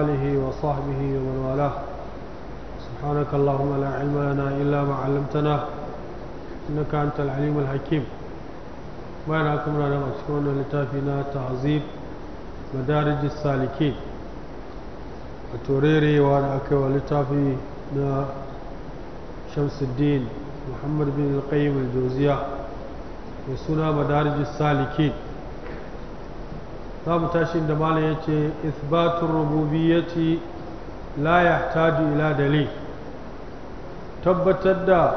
آله وصحبه ومن والاه سبحانك اللهم لا علم لنا إلا ما علمتنا إنك أنت العليم الحكيم بينكم لنا مسكون لتافينا تعذيب مدارج السالكين وتوريري وأنا أكوى لتافي شمس الدين محمد بن القيم الجوزية وسنة مدارج السالكين za mu tashi da malam ya ce isbatun rububiyyati la yahtaju ila dalil tabbatar da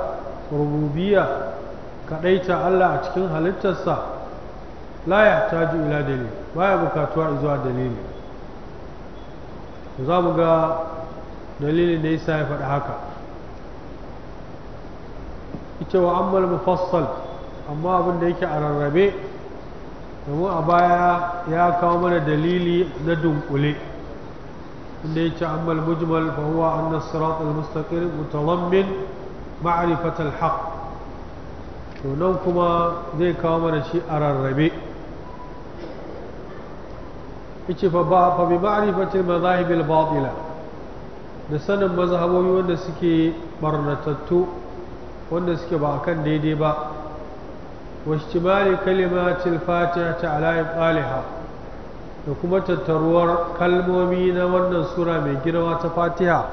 rububiya kadaita Allah a cikin halittarsa la yahtaju ila dalil baya bukatuwa zuwa dalili za mu ga dalilin da yasa ya faɗi haka ita wa ammal mufassal amma abin da yake a rarrabe domin a baya ya kawo mana dalili na dunkule inda ya ce ammal mujmal fa huwa anna sirat al-mustaqim mutalammin ma'rifat al-haq to nan kuma zai kawo mana shi a rarrabe yace fa ba fa bi ma'rifat al-madahib al-batila da sanin mazhabobi wanda suke barnatattu wanda suke ba kan daidai ba واشتمال كلمات الفاتحة على إبقالها وكما تتروار كالمومين والنصورة من جنوة فاتحة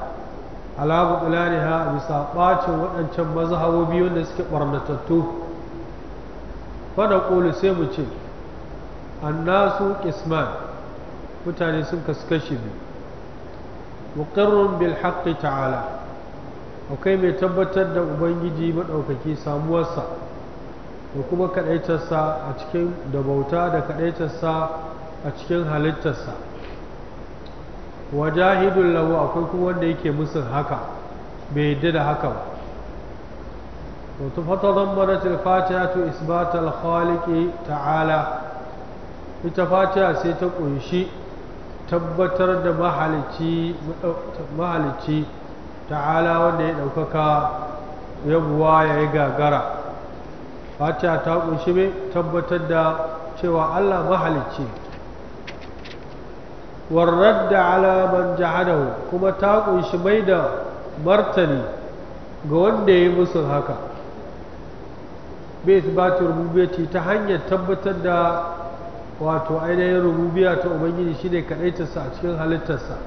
على بطلانها بساقات وأنشم مزها وبيون نسك برنتتو فنقول سيمتي الناس قسمان mutane sun kaskashi biyu muqirrun bil haqqi ta'ala akwai mai tabbatar da ubangiji maɗaukaki samuwarsa da kuma kadaitarsa a cikin da bauta da kadaitarsa a cikin halittarsa wajahidun lahu akwai kuma wanda yake musun haka bai yadda da haka ba wato fatadammanat al-fatiha to isbata al ta'ala ita fatiha sai ta kunshi tabbatar da mahalicci ta'ala wanda ya ɗaukaka yabuwa ya yi gagara fatiha ta kunshi mai tabbatar da cewa Allah mahalicci warrar da alaman jahadahu kuma ta kunshi mai da martani ga wanda ya yi musu haka bai isbatin rububiyati ta hanyar tabbatar da wato ainihin rububiya ta ubangiji ne kadaitarsa a cikin halittarsa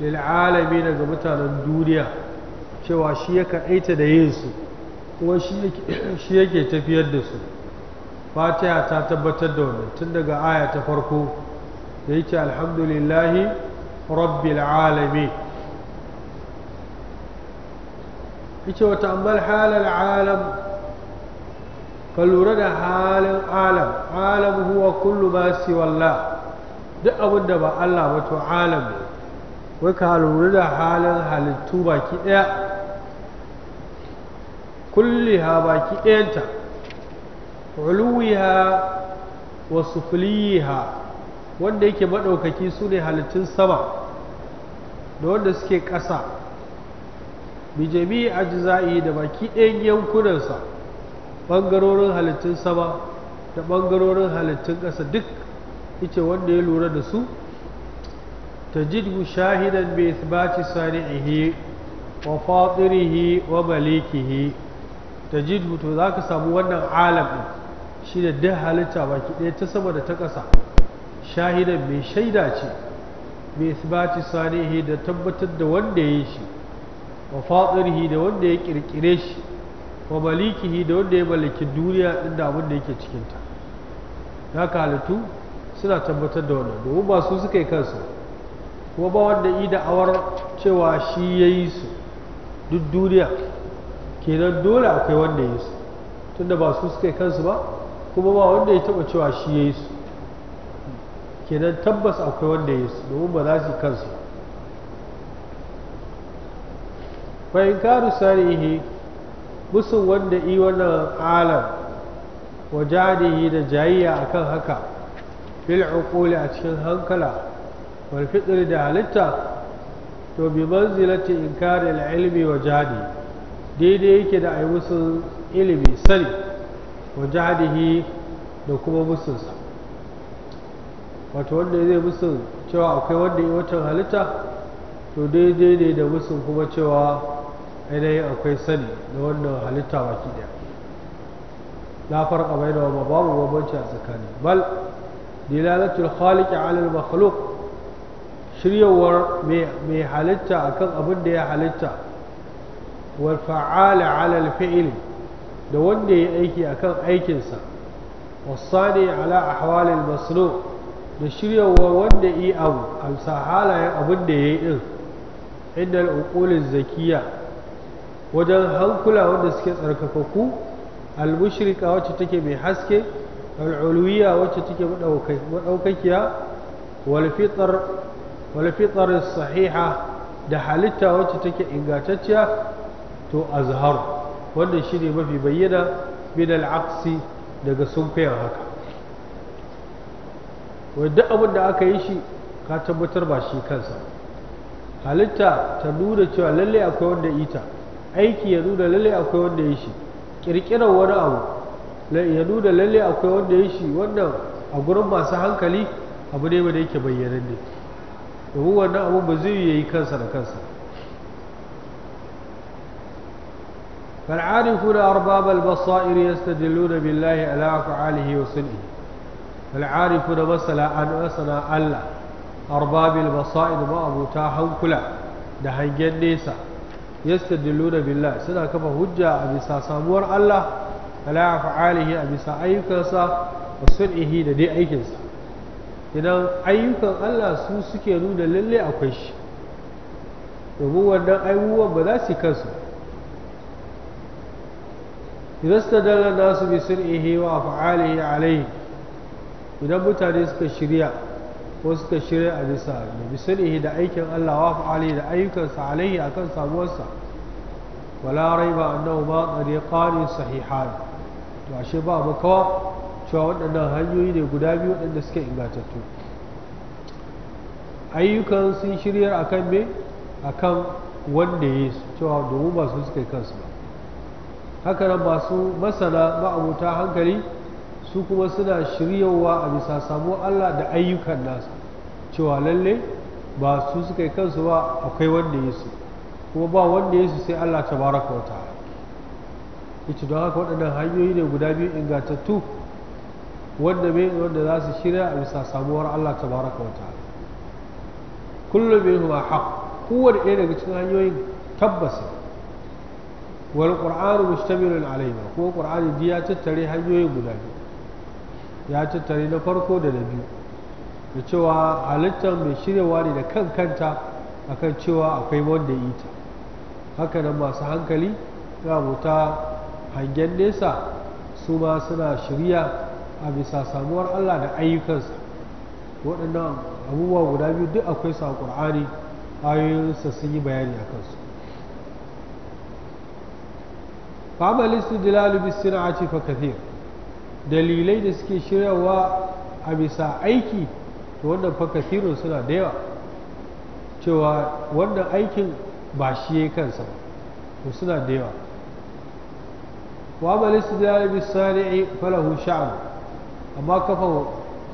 lil'alami daga mutanen duniya cewa shi ya kadaita da yinsu kuwa shi yake tafiyar da su fatiha ta tabbatar da wannan tun daga aya ta farko da yake alhamdulillahi rabbil alamin yace wata ammal halal alam ka lura da halin alam alam huwa kullu ma wallah duk abin da ba Allah wato alam ne wai ka lura da halin halittu baki ɗaya kulliha baki ɗayanta uluwiha wa wanda yake maɗaukaki su ne halittun sama da wanda suke ƙasa bijami ajza'i da baki ɗayan yankunansa ɓangarorin halittun sama da ɓangarorin halittun ƙasa duk ita wanda ya lura da su تجده شاهدا بإثبات صانعه وفاطره ومليكه tajidu to za ka samu wannan alam ɗin shi da duk halitta baki ɗaya ta sama da ta ƙasa shahidan mai shaida ce mai isbati sanihi da tabbatar da wanda ya yi shi wa fatsirhi da wanda ya ƙirƙire shi wa malikihi da wanda ya mallaki duniya ɗin da abin da yake cikinta ya ka halittu suna tabbatar da wannan domin ba su suka yi kansu kuma ba wanda yi da'awar cewa shi ya yi su duk duniya kenan dole akwai wanda ya su tunda ba su suka yi kansu ba kuma ba wanda ya taba cewa shi ya yi su kenan tabbas akwai wanda ya su domin ba za su yi kansu bayan karu ihe musun wanda yi wannan alam wajadihi da jayayya kan haka fil koli a cikin hankala wal da halitta to bi manzilatin inkari al ilmi wajadihi daidai yake da ai musu ilimi sani wa jahadihi da kuma musunsa wato wanda zai musu cewa akwai wanda yi watan halitta to daidai ne da musun kuma cewa ainihin akwai sani da wannan halitta baki daya la farqa bainahuma babu bambanci a tsakani bal dilalatul khaliqi ala al makhluq shiryawar mai halitta akan abin da ya halitta wal fa'ala ala da wanda ya aiki akan aikinsa wasani ala ahwal al da shiryawa wanda yi abu amsa halayen abin da yayi din inda al zakiya wajen hankula wanda suke tsarkakaku al mushrika wacce take mai haske al'uluwiya wacce take maɗaukakiya walfitar sahiha da halitta wacce take ingantacciya to azhar wanda ne mafi bayyana min al-aqsi daga sunkuyan haka wadda abin da aka yi shi ka tabbatar ba shi kansa halitta ta nuna cewa lalle akwai wanda ita aiki ya nuna lalle akwai wanda ya shi ƙirƙirar wani abu ya nuna lalle akwai wanda ya shi wannan a gurin masu hankali abu ne da yake bayyanan ne domin wannan abu ba zai yi kansa da kansa فالعارفون أرباب البصائر يستدلون بالله على أفعاله وصنعه فالعارفون مثلا أن أسنا الله أرباب البصائر ما أبو تاهم كلا دهن جنيسا يستدلون بالله سنة كما هجة أبسا سامور الله على أفعاله أبسا أيكسا وصنعه دي أيكسا idan ayyukan Allah su suke nuna lalle akwai shi domin wannan abubuwan ba za su kansu idan stadalla nasu bi sun'ihi wa af'alihi alaihi idan mutane suka shirya ko suka shirya a bisa bi sun'ihi da aikin Allah wa da ayyukansa alaihi akan samuwarsa wala raiba annahu ma tariqani sahihan to ashe ba makawa cewa waɗannan hanyoyi ne guda biyu waɗanda suke ingantattu ayyukan sun shirya akan me akan wanda ya yi cewa domin ba su suka yi kansu ba haka nan masu masana ma'abuta hankali su kuma suna shiryawa a bisa samu Allah da ayyukan nasa cewa lalle ba su suka yi kansu ba akwai wanda ya su kuma ba wanda ya su sai Allah ta baraka wata ita don haka waɗannan hanyoyi ne guda biyu ingantattu wanda mai wanda za su shirya a bisa samuwar Allah ta baraka wata kullum min huma haq kowane ɗaya daga cikin hanyoyin tabbas wal qur'anu mustamilun alaihima kuma qur'ani ji ya tattare hanyoyin guda biyu ya tattare na farko da na biyu da cewa halittar mai shiryawa ne da kan kanta akan cewa akwai wanda ita haka nan masu hankali na mu ta hangen nesa su ma suna shirya a bisa samuwar Allah da ayyukansa waɗannan abubuwa guda biyu duk akwai sa ƙur'ani ayoyinsa sun yi bayani a kansu فعمل استدلال بالصناعة فكثير dalilai da suke shiryawa a bisa aiki to wannan fa suna da yawa cewa wannan aikin ba shi ya kansa to suna da yawa wa bal istidlal bis sari'i sha'an amma kafa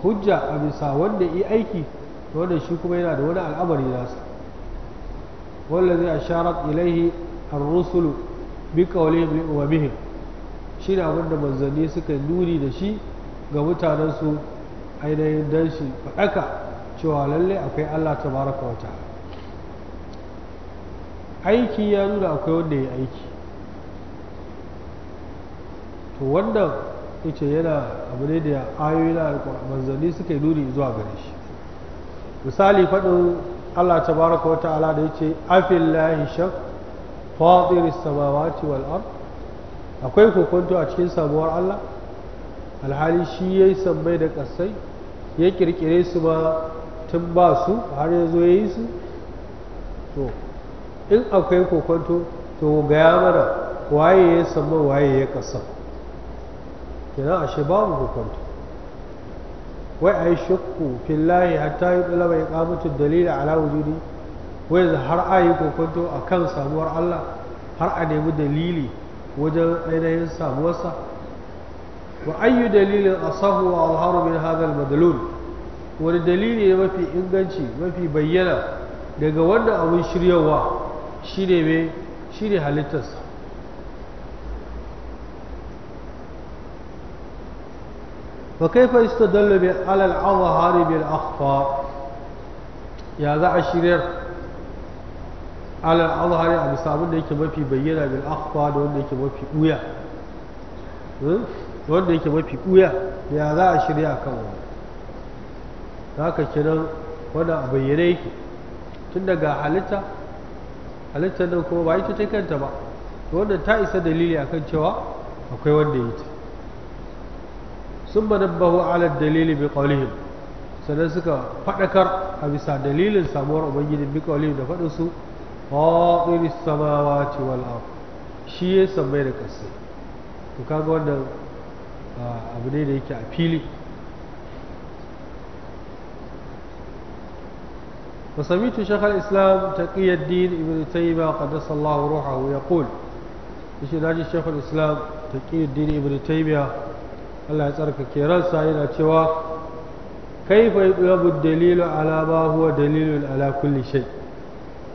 hujja a bisa wanda yi aiki to wannan shi kuma yana da wani al'amari nasa wallazi asharat ilaihi ar-rusulu bi qawli wa bihim shi da abinda manzanni suka nuni da shi ga mutanensu ainihin don shi faɗaka cewa lalle akwai Allah ta baraka wata aiki ya nuna akwai wanda ya aiki to wannan ce yana abu ne da ayoyi na manzanni suka yi nuni zuwa gare shi misali faɗin Allah ta baraka wata ala da afin lahi shakku fadiris samawati wal ard akwai kokonto a cikin samuwar Allah alhali shi yayi sammai da kasai ya kirkire su ma tun ba su har ya zo yayi su to in akwai kokonto to gaya mana waye ya samma waye ya ƙasa kenan ashe babu kokonto wai a yi shakku fillahi hatta yi ɗalaba ya dalila ala wujudi وإذا هر أيكو كنتو أكن سامور الله هر أني مدليلي وجل أين ينسام وسا وأي دليل أصف وأظهر من هذا المدلول والدليل ما في إنجانشي ما في بيانا لقوانا أو شريوا شيري بي شيري حالتس وكيف استدل على العظهار بالأخفاء يا ذا عشرير alal azhari a bisa abin da yake mafi bayyana bil akhfa da wanda yake mafi buya wanda yake mafi buya ya za a shirya kan wani haka kiran wani a bayyane yake tun daga halitta halitta nan kuma ba ita ta kanta ba wanda ta isa dalili akan cewa akwai wanda ya ta sun manabbahu ala dalili bi qawlihim sannan suka faɗakar a bisa dalilin samuwar ubangiji bi qawlihim da faɗin su fatiris samawati wal ard shi ya sammai da ƙasa to kaga wannan abu ne da yake a fili وسمعت شيخ الإسلام تقي الدين ابن تيمية قدس الله روحه يقول إيش ناجي شيخ الإسلام تقي الدين ابن تيمية الله يسألك كيران سعيد أتوا كيف يطلب الدليل على ما هو دليل على كل شيء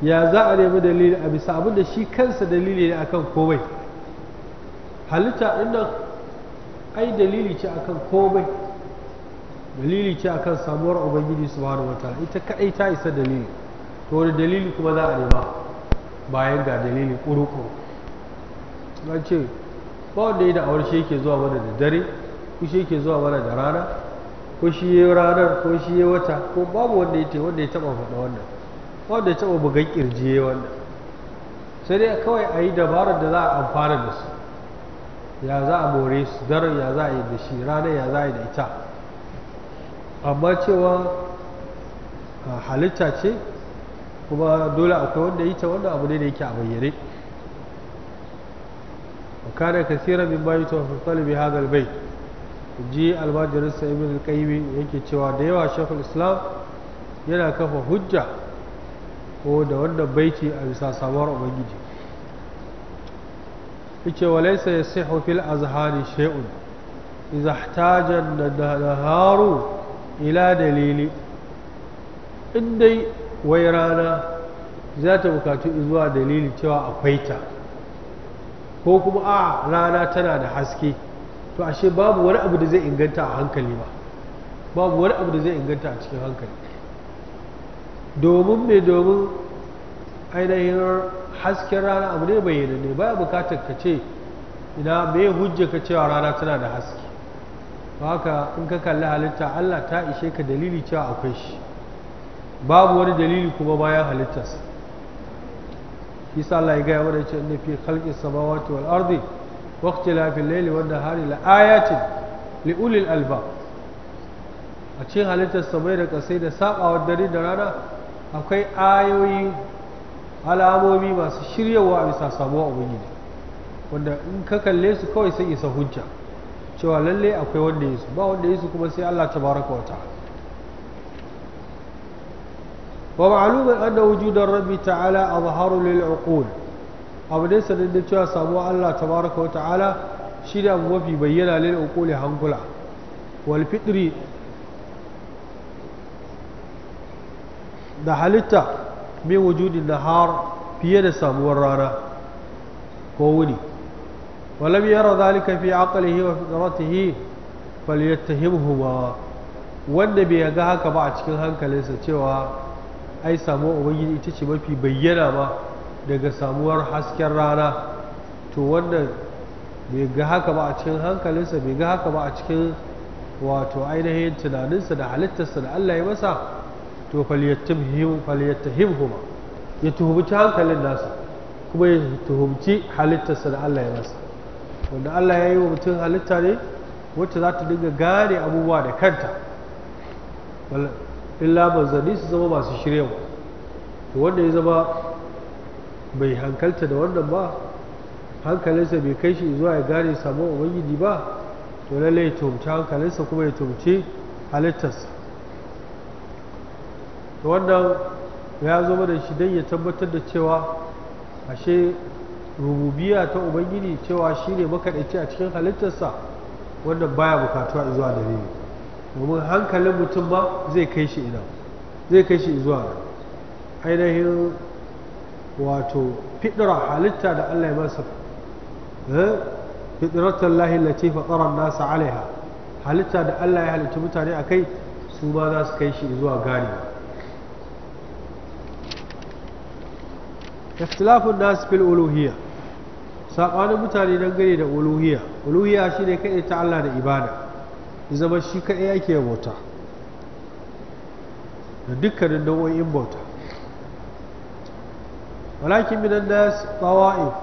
ya za a nemi dalili a bisa abin da shi kansa dalili ne akan komai halitta inda ai dalili ce akan komai dalili ce akan samuwar ubangiji subhanahu wataala ita kadai ta isa dalili to wani dalili kuma za a nema bayan ga dalili kuru-kuru ce ba wanda yi da awar shi yake zuwa mana da dare ko shi yake zuwa mana da rana ko shi yi ranar ko shi yi wata ko babu wanda ya wanda ya taba faɗa wannan wanda ya taɓa bugan ƙirji wanda sai dai kawai a yi dabarar da za a amfana da su ya za a more su daren ya za a yi da shi ranar ya za a yi da ita amma cewa halitta ce kuma dole akwai wanda yi ta wanda abu ne da yake a bayyane وكان كثيرا من ما يتوفى بهذا البيت ji almajirinsa ibn al-qayyim yake cewa da yawa shekul islam yana kafa hujja ko da wannan baiti a bisa samuwar ubangiji yace walaysa yasihu fil azhari shay'un idza ihtaja naharu ila dalili in dai wai rana za ta bukatu zuwa dalili cewa akwai ta ko kuma a rana tana da haske to ashe babu wani abu da zai inganta a hankali ba babu wani abu da zai inganta a cikin hankali domin mai domin ainihin hasken rana abu ne bayyana ne ba bukatar ka ce ina mai hujja ka cewa rana tana da haske ba haka in ka kalli halitta Allah ta ishe ka dalili cewa akwai shi babu wani dalili kuma bayan halittarsa shi sa Allah ya gaya mana ce inna fi khalqi samawati wal ardi wa lafin laili wanda hari la ayatin li a cikin halittar samai da kasai da sabawar dare da rana akwai ayoyin alamomi masu shiryawa a bisa samuwa ubangiji wanda in ka kalle su kawai sai isa hujja cewa lalle akwai wanda yi su ba wanda yi su kuma sai Allah ta baraka wata. wa ma'lumun anna wujudan rabbi ta'ala azharu lil uqul abu ne sanin da cewa samuwa Allah ta baraka wata'ala shi da abu mafi bayyana lil uquli hankula wal fitri da halitta min wujudin har fiye da samuwar rana ko wuni walam yara zalika fi aqlihi wa fitratihi falyattahimhuma wanda bai ga haka ba a cikin hankalinsa cewa ai samuwar ubangiji ita ce mafi bayyana ba daga samuwar hasken rana to wanda bai ga haka ba a cikin hankalinsa bai ga haka ba a cikin wato ainihin tunaninsa da halittarsa da Allah ya masa to falyattahim falyattahimhuma ya tuhumci hankalin nasa kuma ya tuhumci halittarsa da Allah ya masa wanda Allah ya yi wa mutum halitta ne wacce za ta dinga gane abubuwa da kanta illa manzanni su zama masu shirewa to wanda ya zama bai hankalta da wannan ba hankalinsa bai kai shi zuwa ya gane samun ubangiji ba to lallai ya tumci hankalinsa kuma ya tumci halittarsa to wannan ya zo da shi don ya tabbatar da cewa ashe rububiya ta ubangiji cewa shi ne makaɗaici a cikin halittarsa wannan baya bukatuwa zuwa da dalili domin hankalin mutum ba zai kai shi ina zai kai shi zuwa ainihin wato fidira halitta da Allah ya masa eh? fidratan lahi lati tsaron nasa alaiha halitta da Allah ya halitta mutane a kai su ma za su kai shi zuwa gane ikhtilafun nas fil uluhiyya sabanin mutane dangane da uluhiyya uluhiyya shine kai ta Allah da ibada zama shi kadai yake bauta da dukkanin nau'o'in bauta walakin minan nas tawa'if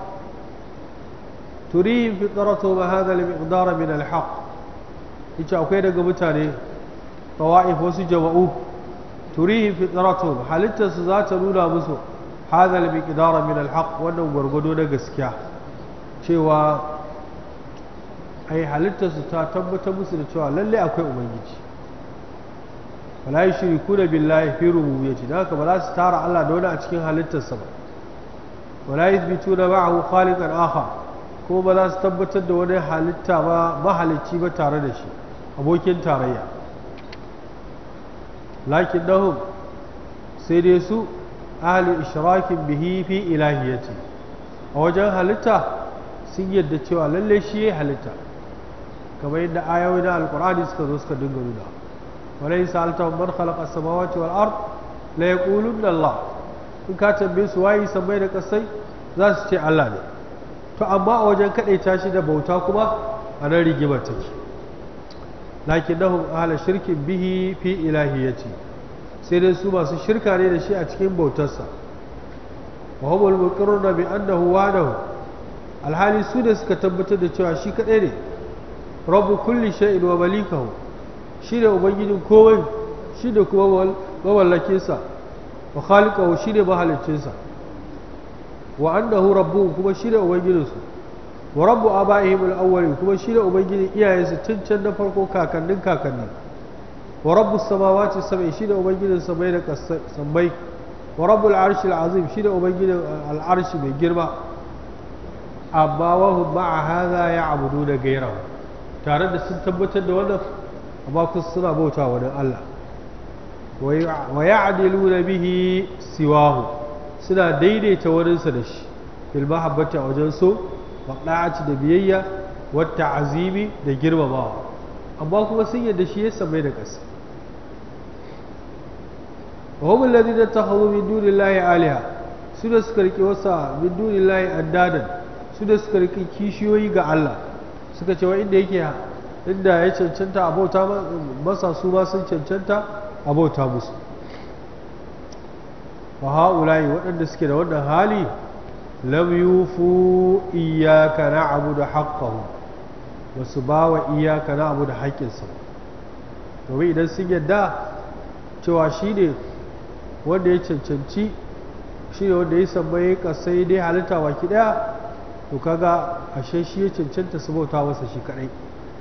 turihim fitratuhum hadha al-miqdar min al-haqq yace akwai daga mutane tawa'if wasu jama'u turihim fitratuhum halittarsu za ta nuna musu hadal miqdar min alhaq wannan gwargwado na gaskiya cewa ai halittarsu ta tabbatar musu da cewa lalle akwai ubangiji wala yushrikuna billahi fi rububiyyati da haka ba za su tara Allah da wani a cikin halittarsa ba wala yuthbituna ma'ahu khaliqan akhar ko ba za su tabbatar da wani halitta ba mahalicci ba tare da shi abokin tarayya lakin dahum sai dai su ahli ishrakin bihi fi ilahiyati a wajen halitta sun yadda cewa lalle shi ya halitta kamar yadda ayoyi na alkur'ani suka zo suka dinga nuna walai sa'alta man khalaqa as-samawati wal ard la yaqulunna Allah in ka tambaye su wayi sammai da kasai za su ce Allah ne to amma a wajen kadaita shi da bauta kuma a nan rigimar take lakinnahum ahla shirkin bihi fi ilahiyati sai dai su masu shirka ne da shi a cikin bautarsa wa humul muqirruna bi annahu wahdahu alhali su da suka tabbatar da cewa shi kadai ne rabu kulli shay'in wa malikahu shi ne ubangijin kowai shi ne kuma mawallakinsa wa khaliqahu shi ne sa. wa annahu rabbuhum kuma shi ne ubangijinsu wa rabbu abaihim al-awwalin kuma shi ne ubangijin iyayensu tun can na farko kakannin kakannin wa rabbu samawati sab'i shine ubangijin samai da sammai wa rabbu arshi al'azim shine ubangijin al'arshi mai girma amma wa hum ma'a hadha ya'buduna ghayrahu tare da sun tabbatar da wannan amma kun suna bauta wa Allah wa ya'diluna bihi siwahu suna daidaita wurinsa da shi bil mahabbati a wajen so wa da'ati da biyayya wa ta'azimi da girmamawa amma kuma sun yadda shi ya samai da ƙasa وهم الذين اتخذوا من دون الله آلهة سنة سكرك وسا من دون الله أدادا سنة سكرك كيشي ويقع الله سكرك وإن يكيها إن شنطة أبو تاما مسا سوما شنطة أبو تاموس وهؤلاء وأن سكرة وأن هالي لم يوفوا إياك نعبد حقهم وسباوا إياك نعبد حقهم domin idan sun yadda cewa shi ne wanda ya cancanci shi ne wanda ya kasa ya dai halitta baki daya to kaga ashe shi ya cancanta su bauta masa shi kadai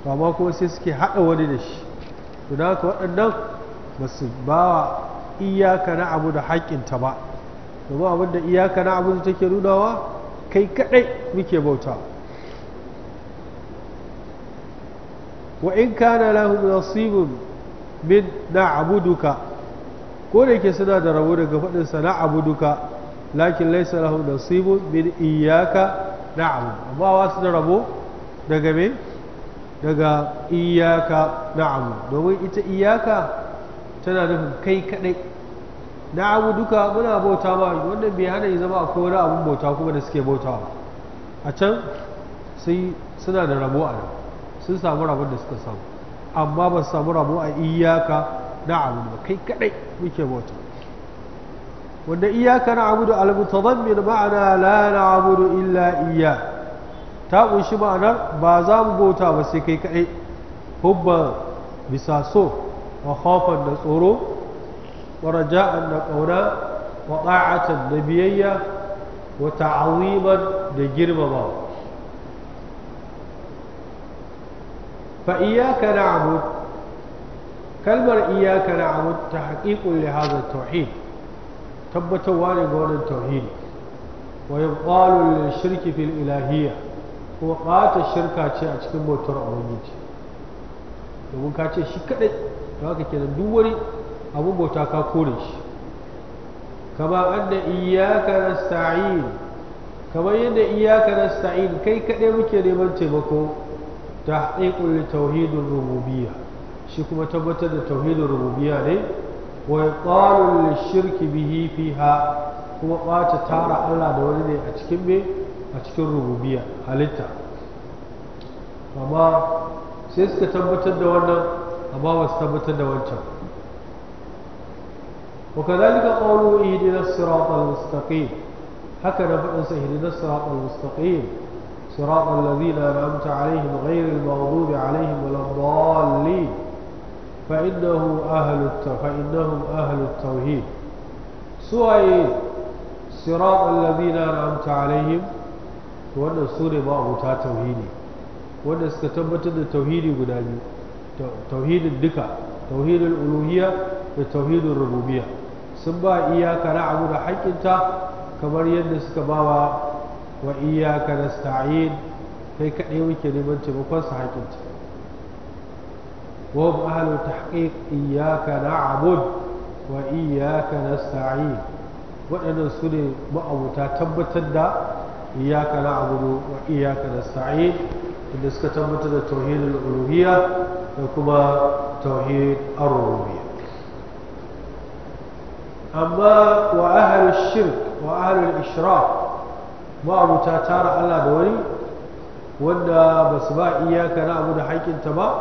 to amma kuma sai suke hada wani da shi to da haka waɗannan ba su ba wa iyaka na abu da haƙƙinta ba domin abin da iyaka na abu da take nunawa kai kadai muke bauta wa in kana lahu nasibun min na abuduka. ko da yake suna da rabo daga faɗin sana abu duka lakin laisa lahu nasibu bin iyaka abu amma wa su da rabo daga me daga iyaka abu. domin ita iyaka tana nufin kai kadai abu duka muna bauta ba wannan bai hana yi zama akwai wani abun bauta kuma da suke bauta a can sai suna da rabo a nan sun samu rabon da suka samu amma ba su samu rabo a iyaka ba kai kadai muke bauta wanda iyyaka na'budu al-mutadammin ma'ana la na'budu illa iya. ta kunshi ma'anar ba za mu bauta ba sai kai kadai hubban bisa so wa khafan da tsoro wa raja'an da ƙauna wa ta'atan da biyayya wa ta'awiman da girmamawa fa na na'budu kalmar iyaka na abu ta haƙiƙun lihazar tauhid tabbatarwa ne ga wannan tauhidi wa yuqalu lil shirki fil ilahiyya kuma ɓata shirka ce a cikin bautar ubangiji domin ka ce shi kaɗai, da haka kenan duk wani abin bauta ka kore shi kama anna iyyaka nasta'in kamar yadda iyyaka nasta'in kai kaɗai muke neman taimako ta haƙiƙun tahqiqul tauhidur rububiyya shi kuma tabbatar da tauhidin rububiya ne wa qalul lishirki bihi fiha kuma ɓata tara Allah da wani ne a cikin me a cikin rububiya halitta amma sai suka tabbatar da wannan amma ba su tabbatar da wancan wa kadhalika qawlu ihdina siratal mustaqim haka da bin sa ihdina siratal mustaqim siratal ladina an'amta alaihim ghayril maghdubi alaihim waladdallin فإنه أهل فإنهم أهل التوحيد سوى صراط الذين أنعمت عليهم وأن سورة ما أبوتا توحيدي وأن استتبت التوحيد قدامي توحيد الدكا توحيد الألوهية وتوحيد الربوبية سبا إياك نعبد حق انت كما يدس كباوا وإياك نستعين هيك أيوك لمن تبقى صحيح انت وهم أهل التحقيق إياك نعبد وإياك نستعين وأن سنة مأوتا تبتدا إياك نعبد وإياك نستعين إن سك تبتدا توحيد الألوهية وكما توحيد الربوبية أما وأهل الشرك وأهل الإشراك مأوتا تارى الله دوري وأن بس ما إياك نعبد حيك انت ما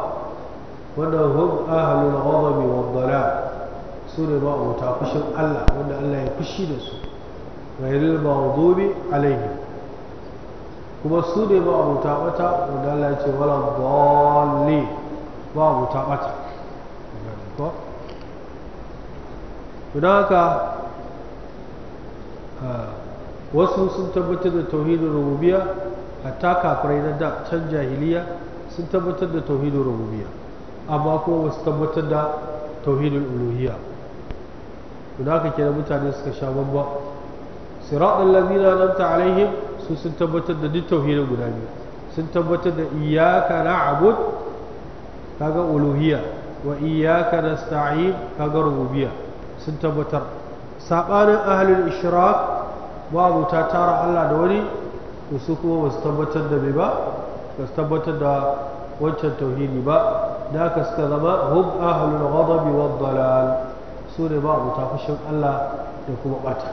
wanda hum ahlul ghadabi wad dalal su ne ba wuta fushin Allah wanda Allah ya fushi da su ghayril maghdubi alaihim kuma su ne ba wuta bata wanda Allah ya ce wala dhalli ba wuta bata ko don haka wasu sun tabbatar da tauhidin rububiya hatta kafirai na da can jahiliya sun tabbatar da tauhidin rububiya amma ba su tabbatar da tauhidul uluhiyya don haka kenan mutane suka sha bamba siratul ladina an'amta alaihim su sun tabbatar da duk tauhidin guda biyu sun tabbatar da iyyaka na'bud kaga uluhiyya wa iyyaka nasta'in kaga rububiyya sun tabbatar sabanin ahlul ishrak babu ta tara Allah da wani su kuma ba su tabbatar da bai ba ba su tabbatar da wancan tauhidi ba da haka suka zama hum ahlul ghadabi wad dalal su ne ba abuta fushin Allah da kuma bata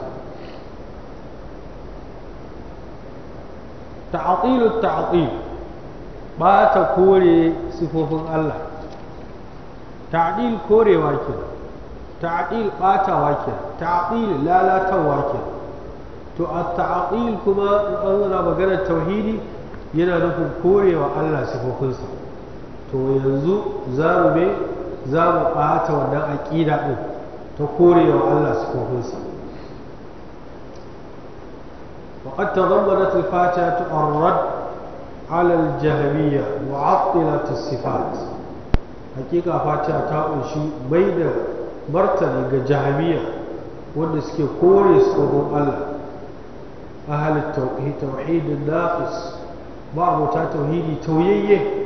ta'atilu ta'atil ba ta kore sifofin Allah ta'dil korewa ke ta'dil batawa ke ta'dil lalatawa ke to a ta'dil kuma in an magana tauhidi yana nufin korewa Allah sifofinsa to yanzu za mu me za mu ɓata wannan aƙida ɗin ta korewa Allah sifofinsa وقد تضمنت الفاتحة الرد على الجهمية معطلة الصفات حقيقة فاتحة تأوشي بين مرتني جهمية ونسكي كوريس وهم الله أهل التوحيد توحيد الناقص بعض توحيد توييه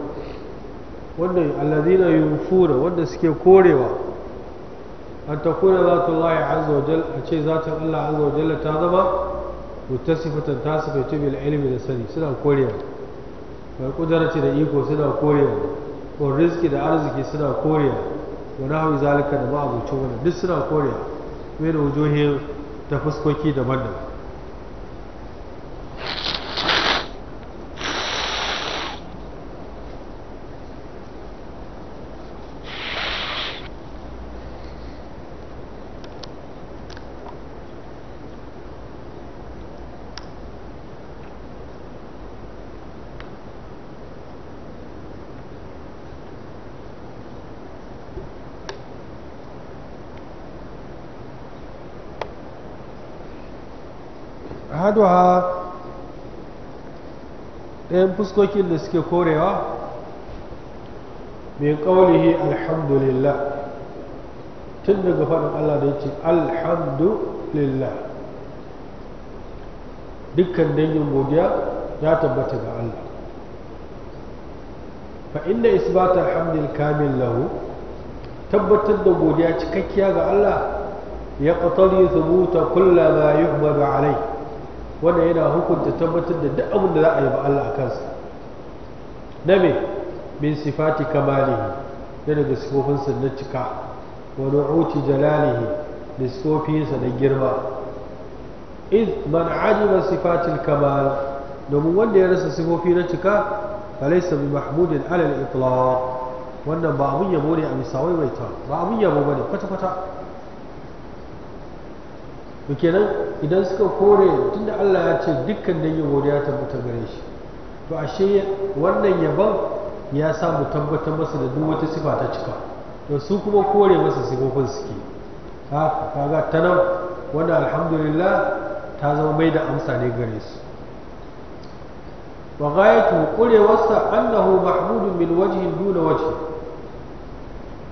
wanda alladina yunfuna wanda suke korewa an takuna za azza wa jalla a ce ta Allah azza wa jalla ta zama mutasifatan ta bil ilmi da sani suna korewa wal kudarci da iko suna korewa ko rizki da arziki suna korewa wa nahwi zalika da ma'abucin wannan duk suna korewa mai da wujohin ta fuskoki daban-daban ha ɗayan fuskokin da suke korewa mai ƙaunihi alhamdulillah tun daga faɗin Allah da yake alhamdulillah dukkan dangin godiya ya tabbata ga Allah fa inda isbata hamdil kamil lahu tabbatar da godiya cikakkiya ga Allah ya qatali thubuta kullu ma yuhmadu alayhi wannan yana hukunta tabbatar da duk abin da za a yi ba Allah a kansa na me min sifati kamalihi na daga sifofinsa na cika wani nu'uti jalalihi da sifofinsa na girma iz man ajiba sifatil kamal domin wanda ya rasa sifofi na cika falaisa bi mahmudin alal itlaq wannan ba abun yabo ne a misawai ba abun yabo bane kwata kwata to kenan idan suka kore tunda Allah ya ce dukkan dangin godiya tabbata gare shi to ashe wannan yabon ya sa mu tabbatar masa da duk wata sifa ta cika to su kuma kore masa sifofin suke haka kaga ta nan wanda alhamdulillah ta zama mai da amsa ne gare su وغايته قريوسا أنه محمود duna وجه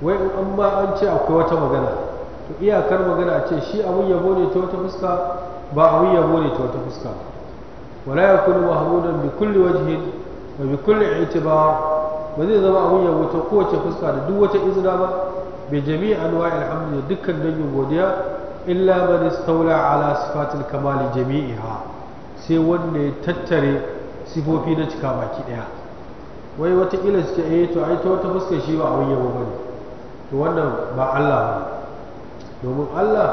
wai amma an ce akwai wata magana. to iyakar magana ce shi abun yabo ne ta wata fuska ba abun yabo ne ta wata fuska wala yakunu mahmudan bi kulli wajhin wa bi kulli i'tibar ba zai zama abun yabo ta kowace fuska da duk wata izina ba bi jami'i anwa'i alhamdu dukkan dangin godiya illa man istawla ala sifatil kamali jami'iha sai wanda ya tattare sifofi na cika baki daya wai wata kila su eh to ai ta wata fuska shi ba abun yabo bane to wannan ba Allah ba domin Allah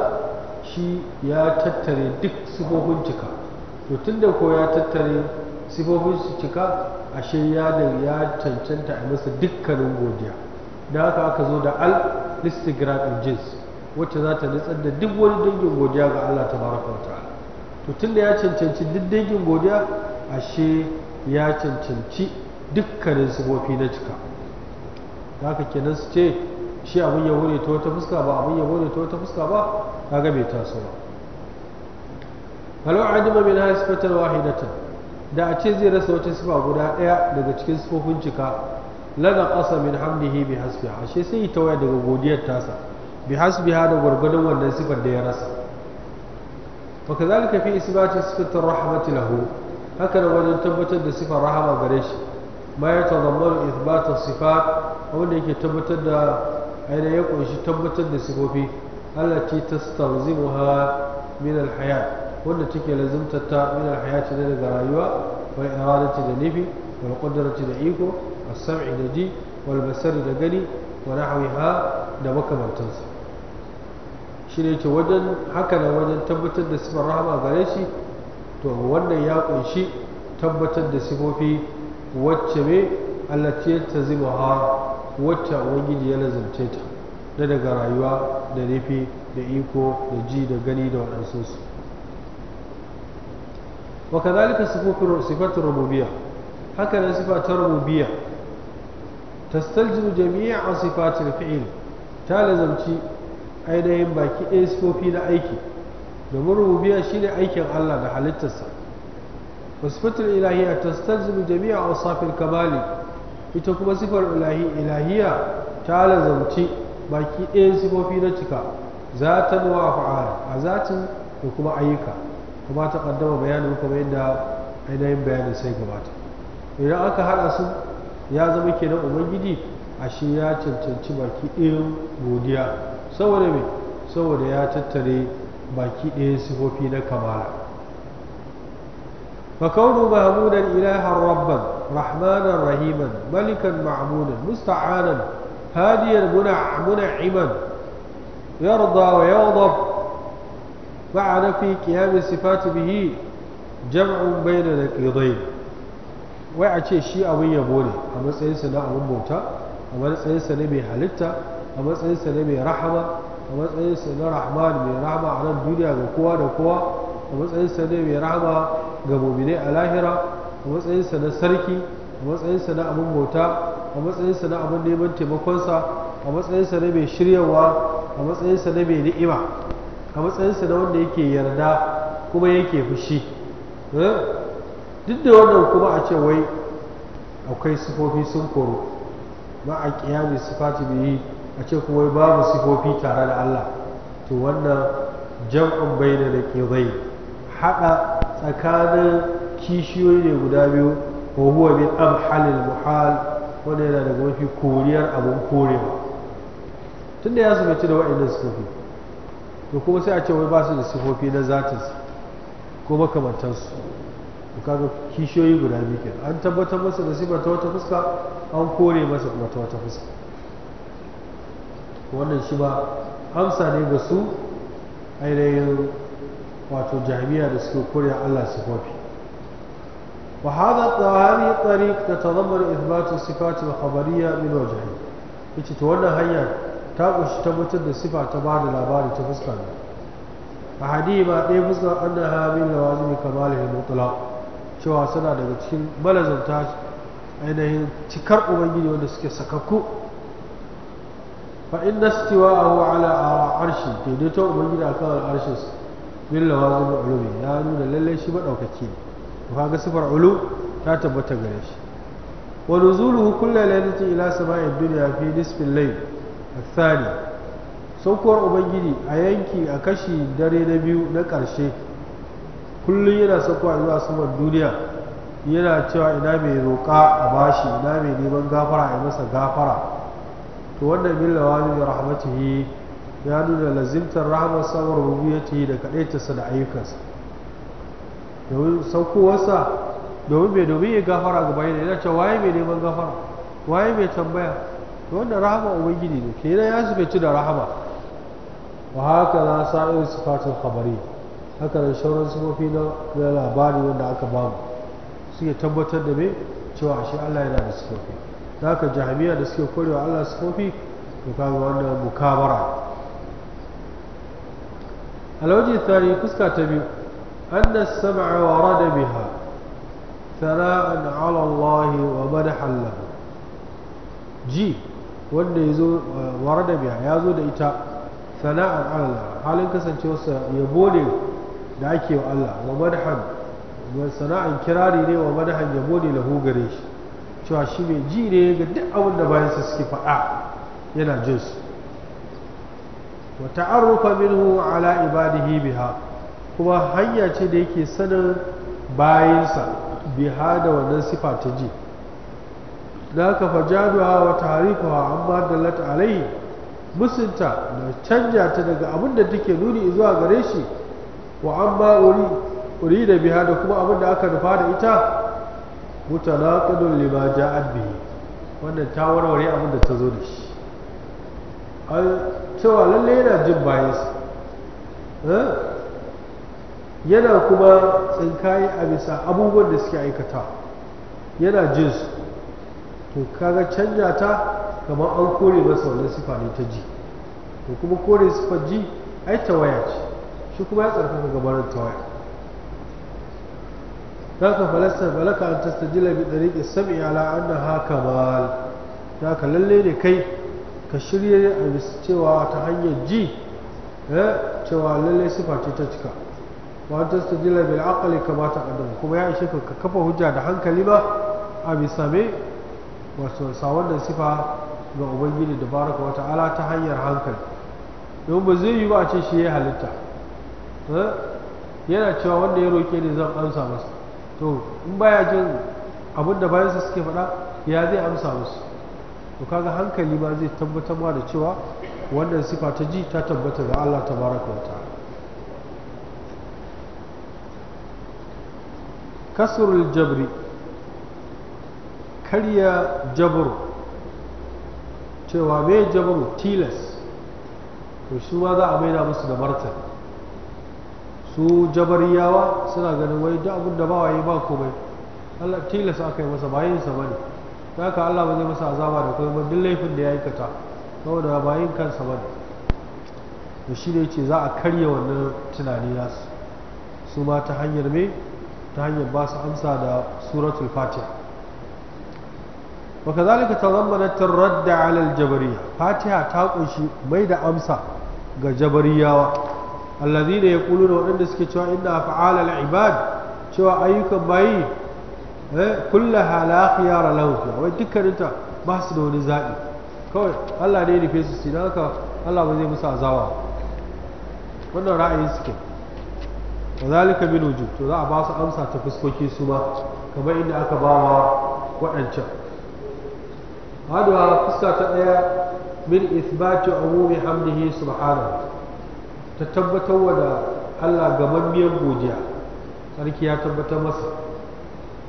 shi ya tattare duk sifofin cika to tunda ko ya tattare sifofin cika ashe ya da ya cancanta a masa dukkanin godiya da haka aka zo da al istigraqin jins wacce za ta nutsar da duk wani dangin godiya ga Allah ta wa ta'ala to tunda ya cancanci duk dangin godiya ashe ya cancanci dukkanin sifofi na cika da haka kenan su ce shi abin yabo ne ta fuska ba abin yabo ne ta fuska ba kaga bai taso ba halau ajima min hayi sifatar wahidatan da a ce zai rasa wata sifa guda ɗaya daga cikin sifofin cika lana ƙasa min hamdihi bi hasbiha ashe sai yi waya daga godiyar tasa bi ha da gwargwadon wannan sifar da ya rasa fa kazalika fi isbati sifatar rahmati lahu haka da wajen tabbatar da sifar rahama gare shi ma ya tazammanu ithbatu sifat wanda yake tabbatar da ainihin ya kunshi tabbatar da sifofi allati tastalzimuha min alhayat wanda take lazimta ta min alhayat ne daga rayuwa wal iradati da nufi wal qudrati da iko as-sam'i da ji wal basari da gani wa nahwiha da makamantansa shine yace wajen haka da wajen tabbatar da sifar rahama gare shi to wannan ya kunshi tabbatar da sifofi wacce me allati tazimuha wacce ubangiji ya nazarce ta da daga rayuwa da nufi da iko da ji da gani da su. wa kadhalika sifatu rububiyya haka nan sifatar rububiyya tastalzimu jami'a sifatil fi'il ta lazamci ainihin baki ɗaya sifofi na aiki domin shi ne aikin Allah da halittarsa wa sifatul ilahiyya tastalzimu jami'a awsafil kamali ita kuma sifar ilahiya ta lazamci baki ɗayan sifofi na cika za ta nuwa fa'ala a zatin da kuma ayyuka kuma ta kaddama bayanin kuma yadda ainihin bayanin sai gabata idan aka haɗa su ya zama kenan ubangiji a shi ya cancanci baki ɗayan godiya saboda mai saboda ya tattare baki ɗayan sifofi na kamala فكون معبودا إلها ربا رحمانا رحيما ملكا معبودا مستعانا هاديا منع منعما يرضى ويغضب معنا في كيام الصفات به جمع بين نقيضين ويعطي الشيء من يبوني أما سيسا نعم موتا أما سيسا نبي حلتا أما سيسا نبي رحمة أما سيسا نرحمان من رحمة على الدنيا وقوة وقوة أما سيسا نبي رحمة ga mumine a lahira a matsayinsa na sarki a matsayinsa na abin bauta a matsayinsa na abin neman taimakonsa a matsayinsa na mai shiryawa a matsayinsa na mai ni'ima a matsayinsa na wanda yake yarda kuma yake fushi eh? duk da wannan kuma a ce wai akwai sifofi sun koro ba a kiyami sifati yi a ce kuma babu sifofi tare da Allah to wannan jam'un bai da ke zai haɗa tsakanin kishiyoyi ne guda biyu wa huwa min amhalil muhal wanda yana da mafi koriyar abun korewa tunda ya zubaci da wa'annan sifofi to kuma sai a ce wai ba su da sifofi na su ko su to kaga kishiyoyi guda biyu kenan an tabbatar masa da sifar ta wata fuska an kore masa kuma ta wata fuska wannan shi ba amsa ne ga su ainihin wato jami'a da suke kore Allah sifofi wa hada tawari tariq da tazammar ithbat sifat al-khabariyya min wajhi yace to wannan hanya ta kushi tabbatar da sifa ta ba da labari ta fuska a hadima ɗaya fuskar annaha min lawazimi kamalil mutlaq cewa suna daga cikin malazanta ainihin cikar ubangiji wanda suke sakakku fa inna istiwa'ahu ala arshi daidaito ubangiji akan arshinsa min lawazim ulumi ya nuna lalle shi madaukaki ne to kaga sifar ulu ta tabbata gare shi wa nuzuluhu kullu lailatin ila sama'i dunya fi nisfil layl athani saukowar ubangiji a yanki a kashi dare na biyu na ƙarshe kullum yana saukowa zuwa saman duniya yana cewa ina mai roƙa a bashi ina mai neman gafara a masa gafara to wannan min lawazim rahmatihi ya nuna lazimtar rahama samun rububiyyati da ta da ayyukansa domin saukowarsa domin mai domin ya gafara ga bayan yana ce waye mai neman gafara waye mai tambaya to wanda rahama ubangiji ne ke ya sufeci da rahama wa haka na sa'in sifatin khabari haka da shauran sifofi na labari wanda aka bamu suke tabbatar da me cewa shi Allah yana da sifofi da haka jami'a da suke korewa Allah sifofi to kaga wannan mukabara الوجه الثاني فسكة تبيو أن السمع ورد بها ثناء على الله ومدحا له جي wanda ya zo ware da biya ya zo da ita sana'ar Allah halin kasancewarsa yabo ne da ake wa Allah wa madhan sana'an kirari ne wa madhan yabo ne lahu gare shi cewa shi mai ji ne ga duk abin da bayansa suke faɗa yana jinsu wa ta'arrufa minhu ala ibadihi biha kuma hanya ce da yake sanin bayinsa biha da wannan sifa ta ji da aka fajaduwa wa tarifuwa amma dalat alaihi musunta da canja ta daga abin da take nuni zuwa gare shi wa amma ba uri da biha da kuma abin da aka nufa da ita mutanaqidun lima ja'at bihi wannan ta warware abin da ta zo da shi cewa lalle yana jin bayansu eh? yana kuma tsinkaye a bisa abubuwan da suke aikata yana jin to kaga canja ta kamar an kore masa wannan sifa ne ta ji to kuma kore sifar ji ai ta waya ce shi kuma ya ta waya. tsarkaka gabanin falasta ذاك فلسفة فلك أن تستجل بطريق haka على أنها ka ذاك ne kai. ka shirya a bisa cewa ta hanyar ji eh, cewa lallai sifa ce ta cika ba ta stajila bil aqli kama ta adam kuma ya ishe ka kafa hujja da hankali ba a bisa mai wasu sawar da sifa ga ubangiji da baraka wata Ala ta hanyar hankali don ba zai yi ba a ce shi ya halitta eh, yana cewa wanda ya roke ni zan amsa masa to in baya jin abin da bayansa suke faɗa ya zai amsa musu to kaga hankali ma zai tabbatar ma da cewa wannan sifa ta ji ta tabbata ga Allah tabaraka wa ta'ala kasrul jabri karya jabru cewa mai jabru tilas to shi ma za a maida musu da martani su jabariyawa suna ganin wai duk abin da ba waye ba komai Allah tilas aka yi masa bayinsa sa bane ta haka Allah ba zai masa azaba da kai ba laifin da ya aikata saboda ba yin kansa ba ne shi ne yace za a karya wannan tunani nasu su ma ta hanyar me ta hanyar ba su amsa da suratul fatiha wa kazalika tazammana tarradda ala aljabariyya fatiha ta kunshi mai da amsa ga ya alladhina da waɗanda suke cewa ina fa'ala al-ibad cewa ayyukan bayi Eh, kulla hala khiyara lahu fiha dukkaninta ba su da wani zaɓi kawai Allah ne ya nufe su su haka Allah ba zai musu azawa wannan ra'ayin suke wa zalika min wujub to za a ba su amsa ta fuskoki su ma kamar inda aka ba wa waɗancan hadawa fuska ta ɗaya min isbati umumi hamdihi subhanahu ta tabbatar wa da Allah gaban miyan godiya sarki ya tabbatar masa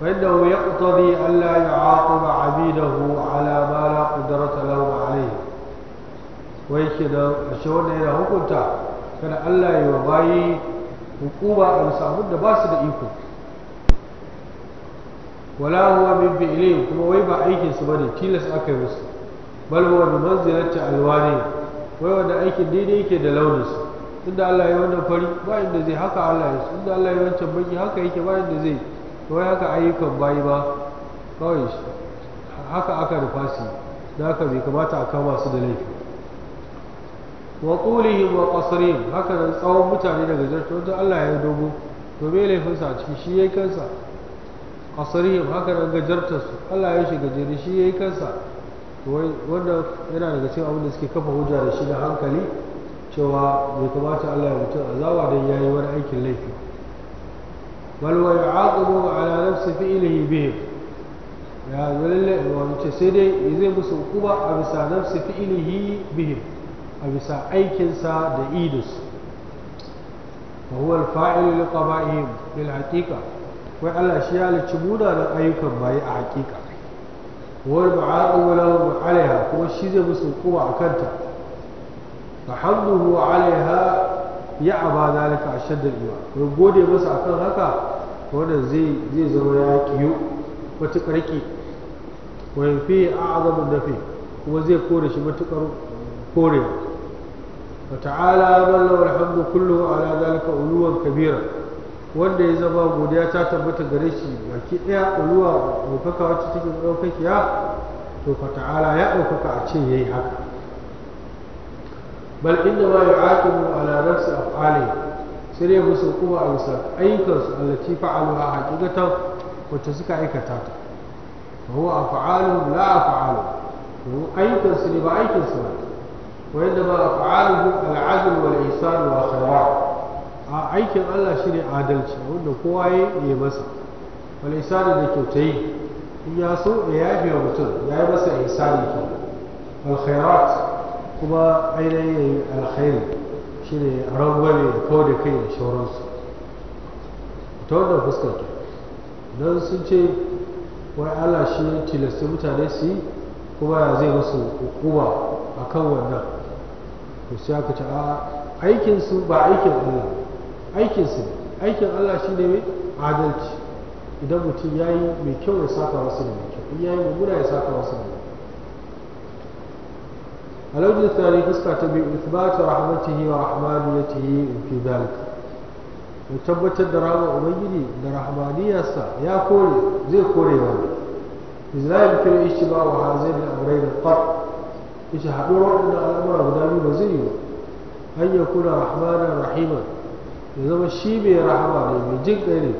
فإنه يقتضي ألا يعاقب عبيده على ما لا قدرة لهم عليه ويكذا الشهود إلى هكذا كان ألا يبايي عقوبة أمساهن باسد إيكم ولا هو من فعلهم كما ويبا أيكي سبني تيلس أكي مسلم بل هو بمنزلة ألوانه ويوانا أيكي ديني إيكي دلونس إن الله يوانا فريق ما إن زي حقا الله يس إن الله يوانا بجي حقا إيكي ما إن زي kawai ya ayyukan bayi ba kawai haka aka rufa su da haka bai kamata a kama su da laifi wa qulihim wa qasrihim haka nan tsawon mutane daga jarto wajen Allah ya dogo to me laifin sa ciki shi yayi kansa qasrihim haka nan gajartar su Allah ya shiga jere shi yayi kansa to wannan yana daga cikin abin da suke kafa hujja da shi da hankali cewa bai kamata Allah ya mutum don dan yayi wani aikin laifi bal wa yu'aqibu ala nafsi fi'lihi bihim ya zalle wance sai dai zai musu hukuma a bisa nafsi fi'lihi bihim a bisa aikinsa da idus وهو الفاعل لقضائهم للحقيقة وعلى أشياء لتشمونا أيكم ما هي حقيقة هو المعاقب لهم عليها هو الشيء مسلم قوة أكنت فحمده عليها ya aba zalika shaddar iman ko gode masa akan haka wannan zai zai zama ya kiyo matukar ki a yanfi a'zamu nafi kuma zai kore shi matukar kore wa ta'ala man lahu alhamdu kulluhu ala zalika uluwan kabira wanda ya zama godiya ta tabbata gare shi baki daya uluwa ɗaukaka wacce take daukakiya to fa ta'ala ya ɗaukaka a ce yayi haka bal inda ma yu'aqibu ala a af'ali sai dai musu kuma a bisa ayyukan su allati fa'aluha haqiqatan wacce suka aikata ta fa huwa af'aluhum la af'alu to ayyukan su ne ba aikin su ba wa yadda ma af'aluhum al'adl wal ihsan wa khair a aikin Allah shine adalci wanda kowa ya yi masa wal ihsan da kyautayi in ya so ya yafe wa mutum ya yi masa ihsani ke wal khairat kuma ainihin ya yi alkhairi shi ne rangwame da kawo da kai da shauransu ta wannan fuskar ta don sun ce wai allah shi ne tilasta mutane su yi kuma ya zai musu hukuma a kan wannan to sai aka ce a aikinsu ba aikin allah aikinsu aikin allah shi ne mai adalci idan mutum ya yi mai kyau ya saka wasu ne mai kyau in ya yi mummuna ya saka wasu ne a lokacin tsari fuska ta biyu isbata rahmatihi wa rahmaniyatihi fi dalik ya tabbatar da rahama ubangiji da rahmaniyarsa ya kore zai kore wa ne israel kira ba wa hazai da amurai da kwar ishi haɗu waɗanda al'amura guda biyu ba zai yi ba hanyar kuna rahmanin rahima ya zama shi mai rahama ne mai jin ɗari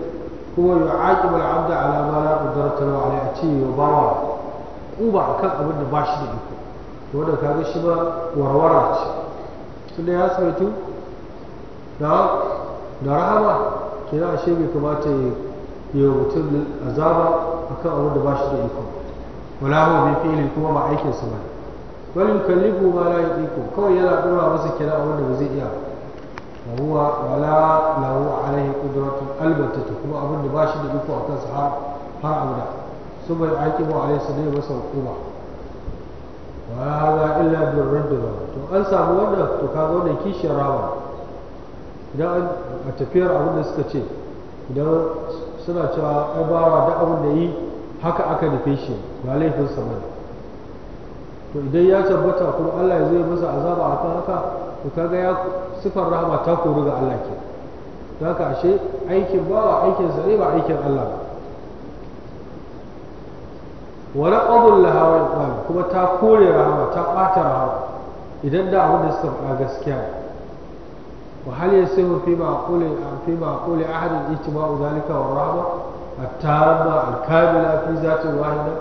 kuma ya aƙi mai abda alama na ƙudurtarwa a ce ya bawa ƙuba akan kan abin ba shi da iko to wannan kaga shi ma warwara ce tunda ya tsarki da da rahama kenan ashe bai kamata ya yi wa mutum azaba akan abin da ba shi da iko wala huwa bi fi'li kuma ba aikin su ba bal yukallifu ma la kawai yana dora masa kira abin da ba zai iya wa huwa wala lahu alaihi qudratu albatatu kuma abin da ba shi da iko a kansa har har abada bai aiki ba alaihi sallallahu alaihi wasallam haza illa bin ba to an samu wannan to zo da kishin rama idan a tafiyar abin da suka ce idan suna cewa ai bawa da abin da yi haka aka nufe shi ba laifin sa to idan ya tabbata kuma Allah ya zai masa azaba akan haka to kaga ya sifar rahama ta koru ga Allah ke haka ashe aikin bawa aikin sa ne ba aikin Allah ba Wani abun lahawar iqam kuma ta kore rahama ta ɓata rahama idan da abin da suka faɗa gaskiya wa hal yasihu fi ma'quli fi ma'quli ahad ijtima'u zalika wa rahama at-tamma al-kamila fi zati wahida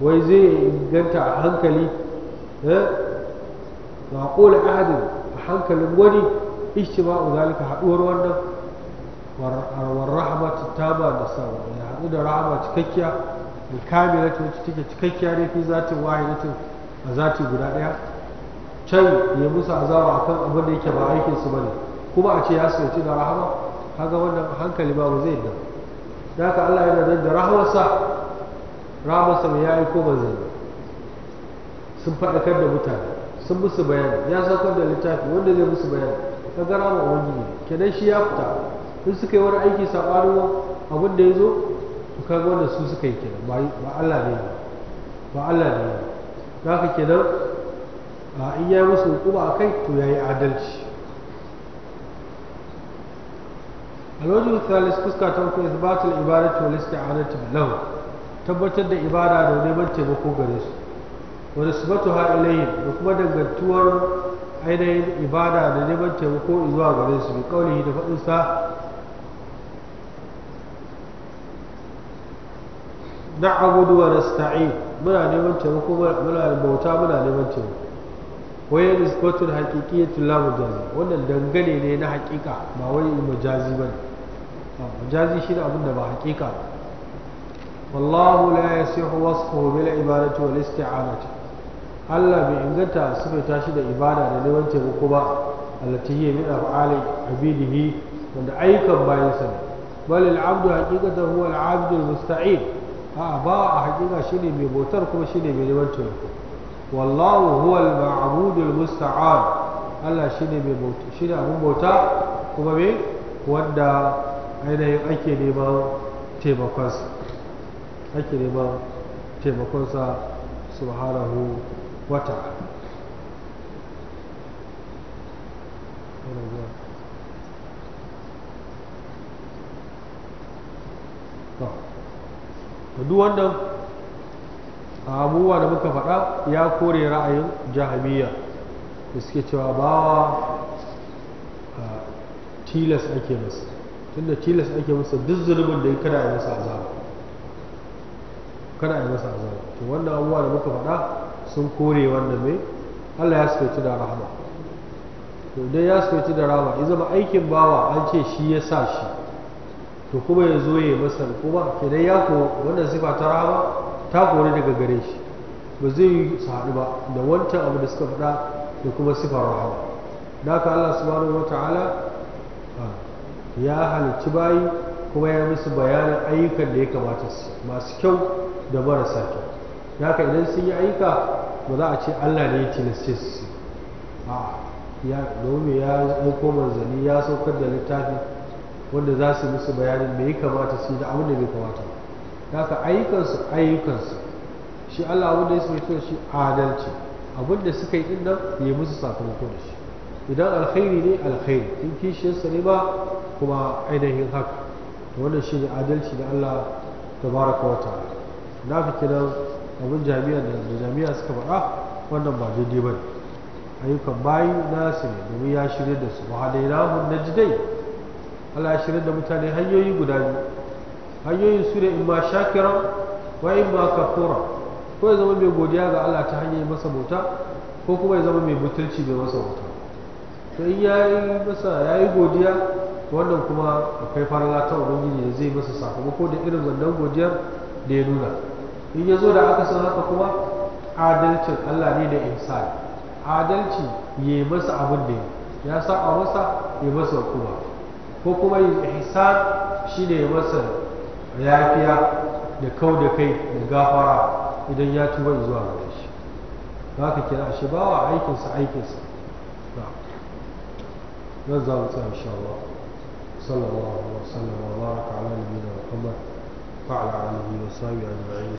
wai zai ganta a hankali eh ma'quli ahad a hankalin wani ijtima'u zalika haduwar wannan wa rahmatu tama da sawa ya hadu da rahama cikakkiya kamilatu wacce take cikakkiya ne fi zatin wahidatin a zati guda ɗaya can ya musu azaba akan abin da yake ba aikin su bane kuma a ce ya sauci da rahama kaga wannan hankali ba zai da haka Allah yana da da rahamarsa rahamarsa mai ya ko ba zai sun faɗakar da mutane sun musu bayan ya saukar da littafi wanda zai musu bayani kaga rahama ne kenan shi ya fita in suka yi wani aiki saɓanin abin da ya zo to kaga wanda su suka yi kenan ba Allah ne ba Allah ne ba ka kenan in ya musu hukuma akai to yayi adalci ta الثالث فسكة توقع ibadatu wal isti'anatu billah tabbatar da ibada da neman taimako gare su wa ha ilayhi da kuma dangantuwar ainihin ibada da neman taimako zuwa gare su bi kaulihi da faɗinsa? na'budu wa nasta'in muna neman taimako muna da bauta muna neman taimako wai nisbatul haqiqiyatul la mujazi wannan dangane ne na haƙiƙa ba wai mujazi bane mujazi shi ne abin da ba haƙiƙa ba wallahu la sai yasihu wasfuhu bil ibadati wal isti'anati Allah bai inganta sifaita shi da ibada da neman taimako ba allati hiya min af'ali abidihi wanda ayyukan bayansa ne bal al-abdu haqiqatan huwa al-abdu al-musta'in a ba a hakika shine mai bautar kuma shine mai neman taimako wallahu al ma'budul musta'an Allah shine mai bauta shine abun bauta kuma me wanda ainihin ake neman taimakonsa ake neman taimakonsa subhanahu wata. ta'ala Oh. to duk wannan abubuwa da muka faɗa ya kore ra'ayin jahamiya da suke cewa bawa tilas ake masa tunda tilas ake masa duk zunubin da ya kada ya masa azaba kada masa azaba to wannan abubuwa da muka faɗa sun kore wannan mai Allah ya suke da rahama to dai ya suke da rahama ya zama aikin bawa an ce shi ya sa shi to kuma ya zo ya masa kuma kenan ya ko wannan sifa ta rahama ta kori daga gare shi ba zai yi su haɗu ba da wancan abu da suka faɗa da kuma sifar rahama da haka Allah subhanahu wata'ala ah, ya halicci bayi kuma ya musu bayanin ayyukan da ya kamata su masu kyau da marasa kyau da haka idan sun yi ayyuka ba za a ce Allah ne ya tilaste su a ya domin ya aiko manzanni ya saukar da littafi wanda za su musu bayanin me ya kamata su yi da abin da bai kamata ka ayyukansu ayyukansu shi Allah abin da ya kyau shi adalci abin da suka yi din nan ya musu sakamako da shi idan alkhairi ne alkhairi in kishiyarsa ne ba kuma ainihin haka to wannan shi ne adalci da Allah ta bara kawata. na fi kiran abin jami'a da jami'a suka faɗa wannan ba daidai ba ne ayyukan bayi nasu ne domin ya shirya da su ba namun na jidai Allah ya da mutane hanyoyi guda biyu hanyoyin su ne in ma shakira wa in ma kafura ko ya zama mai godiya ga Allah ta hanyar masa bauta ko kuma ya zama mai butulci mai masa bauta to in ya yi masa ya yi godiya wannan kuma akwai farala ta ubangiji da zai masa sakamako da irin wannan godiyar da ya nuna in ya zo da aka san haka kuma adalcin Allah ne da insani adalci ya yi masa abin da ya sa a masa ya masa hukuma ko kuma yin ihsan shine masa yafiya da kau da kai da gafara idan ya tuba zuwa gare shi haka kira shi ba wa aikin sa ba za mu tsaya insha Allah sallallahu alaihi wa sallam wa baraka ala nabiyyina Muhammad wa ala alihi wa sahbihi ajma'in